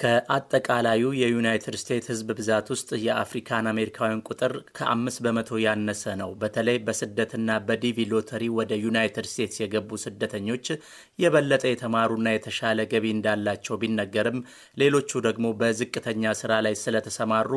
ከአጠቃላዩ የዩናይትድ ስቴትስ ህዝብ ብዛት ውስጥ የአፍሪካን አሜሪካውያን ቁጥር ከአምስት በመቶ ያነሰ ነው። በተለይ በስደትና በዲቪ ሎተሪ ወደ ዩናይትድ ስቴትስ የገቡ ስደተኞች የበለጠ የተማሩና የተሻለ ገቢ እንዳላቸው ቢነገርም ሌሎቹ ደግሞ በዝቅተኛ ስራ ላይ ስለተሰማሩ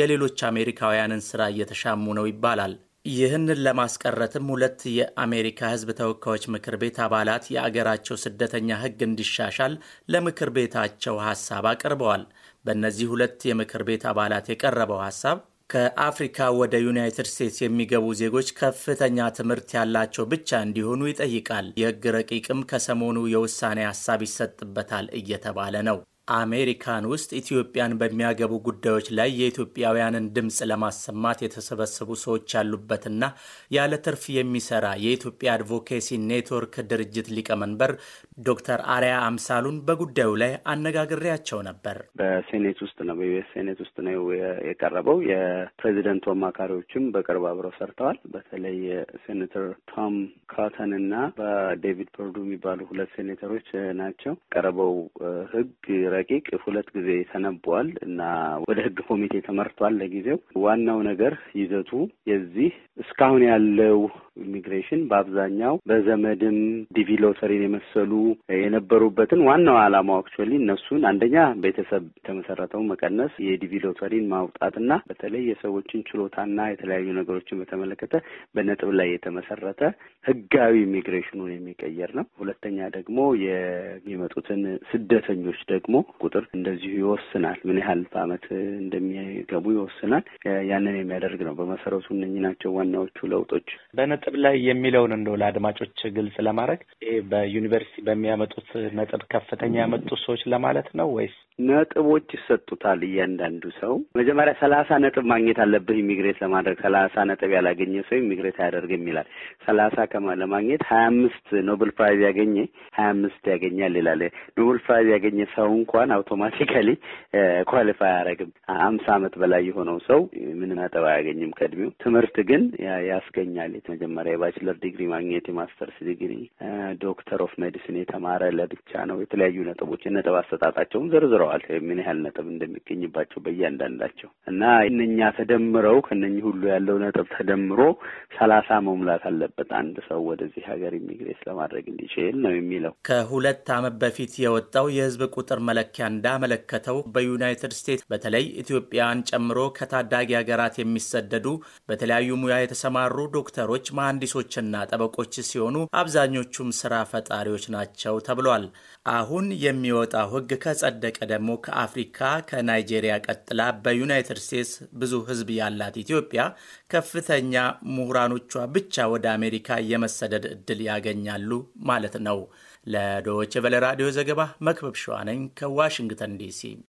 የሌሎች አሜሪካውያንን ስራ እየተሻሙ ነው ይባላል። ይህንን ለማስቀረትም ሁለት የአሜሪካ ሕዝብ ተወካዮች ምክር ቤት አባላት የአገራቸው ስደተኛ ሕግ እንዲሻሻል ለምክር ቤታቸው ሀሳብ አቅርበዋል። በእነዚህ ሁለት የምክር ቤት አባላት የቀረበው ሀሳብ ከአፍሪካ ወደ ዩናይትድ ስቴትስ የሚገቡ ዜጎች ከፍተኛ ትምህርት ያላቸው ብቻ እንዲሆኑ ይጠይቃል። የሕግ ረቂቅም ከሰሞኑ የውሳኔ ሀሳብ ይሰጥበታል እየተባለ ነው። አሜሪካን ውስጥ ኢትዮጵያን በሚያገቡ ጉዳዮች ላይ የኢትዮጵያውያንን ድምፅ ለማሰማት የተሰበሰቡ ሰዎች ያሉበትና ያለ ትርፍ የሚሰራ የኢትዮጵያ አድቮኬሲ ኔትወርክ ድርጅት ሊቀመንበር ዶክተር አርያ አምሳሉን በጉዳዩ ላይ አነጋግሬያቸው ነበር። በሴኔት ውስጥ ነው በዩኤስ ሴኔት ውስጥ ነው የቀረበው። የፕሬዚደንቱ አማካሪዎችም በቅርብ አብረው ሰርተዋል። በተለይ ሴኔተር ቶም ፋተንና በዴቪድ ፐርዱ የሚባሉ ሁለት ሴኔተሮች ናቸው። ቀረበው ህግ ረቂቅ ሁለት ጊዜ ተነቧል እና ወደ ህግ ኮሚቴ ተመርቷል። ለጊዜው ዋናው ነገር ይዘቱ የዚህ እስካሁን ያለው ኢሚግሬሽን በአብዛኛው በዘመድም ዲቪ ሎተሪን የመሰሉ የነበሩበትን ዋናው አላማ አክቹዋሊ እነሱን አንደኛ ቤተሰብ የተመሰረተው መቀነስ፣ የዲቪ ሎተሪን ማውጣትና በተለይ የሰዎችን ችሎታና የተለያዩ ነገሮችን በተመለከተ በነጥብ ላይ የተመሰረተ ህግ ህጋዊ ኢሚግሬሽኑን የሚቀየር ነው። ሁለተኛ ደግሞ የሚመጡትን ስደተኞች ደግሞ ቁጥር እንደዚሁ ይወስናል። ምን ያህል በአመት እንደሚገቡ ይወስናል። ያንን የሚያደርግ ነው። በመሰረቱ እነኚህ ናቸው ዋናዎቹ ለውጦች። በነጥብ ላይ የሚለውን እንደው ለአድማጮች ግልጽ ለማድረግ ይሄ በዩኒቨርሲቲ በሚያመጡት ነጥብ ከፍተኛ ያመጡ ሰዎች ለማለት ነው ወይስ ነጥቦች ይሰጡታል? እያንዳንዱ ሰው መጀመሪያ ሰላሳ ነጥብ ማግኘት አለብህ ኢሚግሬት ለማድረግ። ሰላሳ ነጥብ ያላገኘ ሰው ኢሚግሬት አያደርግም ይላል። ሰላሳ ከማ ለማግኘት ሀያ አምስት ኖብል ፕራይዝ ያገኘ ሀያ አምስት ያገኛል ይላል። ኖብል ፕራይዝ ያገኘ ሰው እንኳን አውቶማቲካሊ ኳሊፋይ አያደርግም። አምሳ አመት በላይ የሆነው ሰው ምንም አጠባ አያገኝም ከእድሜው። ትምህርት ግን ያስገኛል። መጀመሪያ የባችለር ዲግሪ ማግኘት፣ የማስተርስ ዲግሪ፣ ዶክተር ኦፍ ሜዲሲን የተማረ ለብቻ ነው። የተለያዩ ነጥቦች ነጥብ አሰጣጣቸውም ዘርዝረዋል፣ ምን ያህል ነጥብ እንደሚገኝባቸው በእያንዳንዳቸው እና እነኛ ተደምረው ከነኚህ ሁሉ ያለው ነጥብ ተደምሮ ሰላሳ መሙላት አለበት አንድ ሰው ወደዚህ ሀገር ኢሚግሬት ለማድረግ እንዲችል ነው የሚለው። ከሁለት ዓመት በፊት የወጣው የህዝብ ቁጥር መለኪያ እንዳመለከተው በዩናይትድ ስቴትስ በተለይ ኢትዮጵያን ጨምሮ ከታዳጊ ሀገራት የሚሰደዱ በተለያዩ ሙያ የተሰማሩ ዶክተሮች፣ መሐንዲሶችና ጠበቆች ሲሆኑ አብዛኞቹም ስራ ፈጣሪዎች ናቸው ተብሏል። አሁን የሚወጣው ህግ ከጸደቀ ደግሞ ከአፍሪካ ከናይጄሪያ ቀጥላ በዩናይትድ ስቴትስ ብዙ ህዝብ ያላት ኢትዮጵያ ከፍተኛ ምሁራኖቿ ብቻ ወደ አሜሪካ የመ የመሰደድ እድል ያገኛሉ ማለት ነው። ለዶች ቬለ ራዲዮ ዘገባ መክበብ ሸዋነኝ ከዋሽንግተን ዲሲ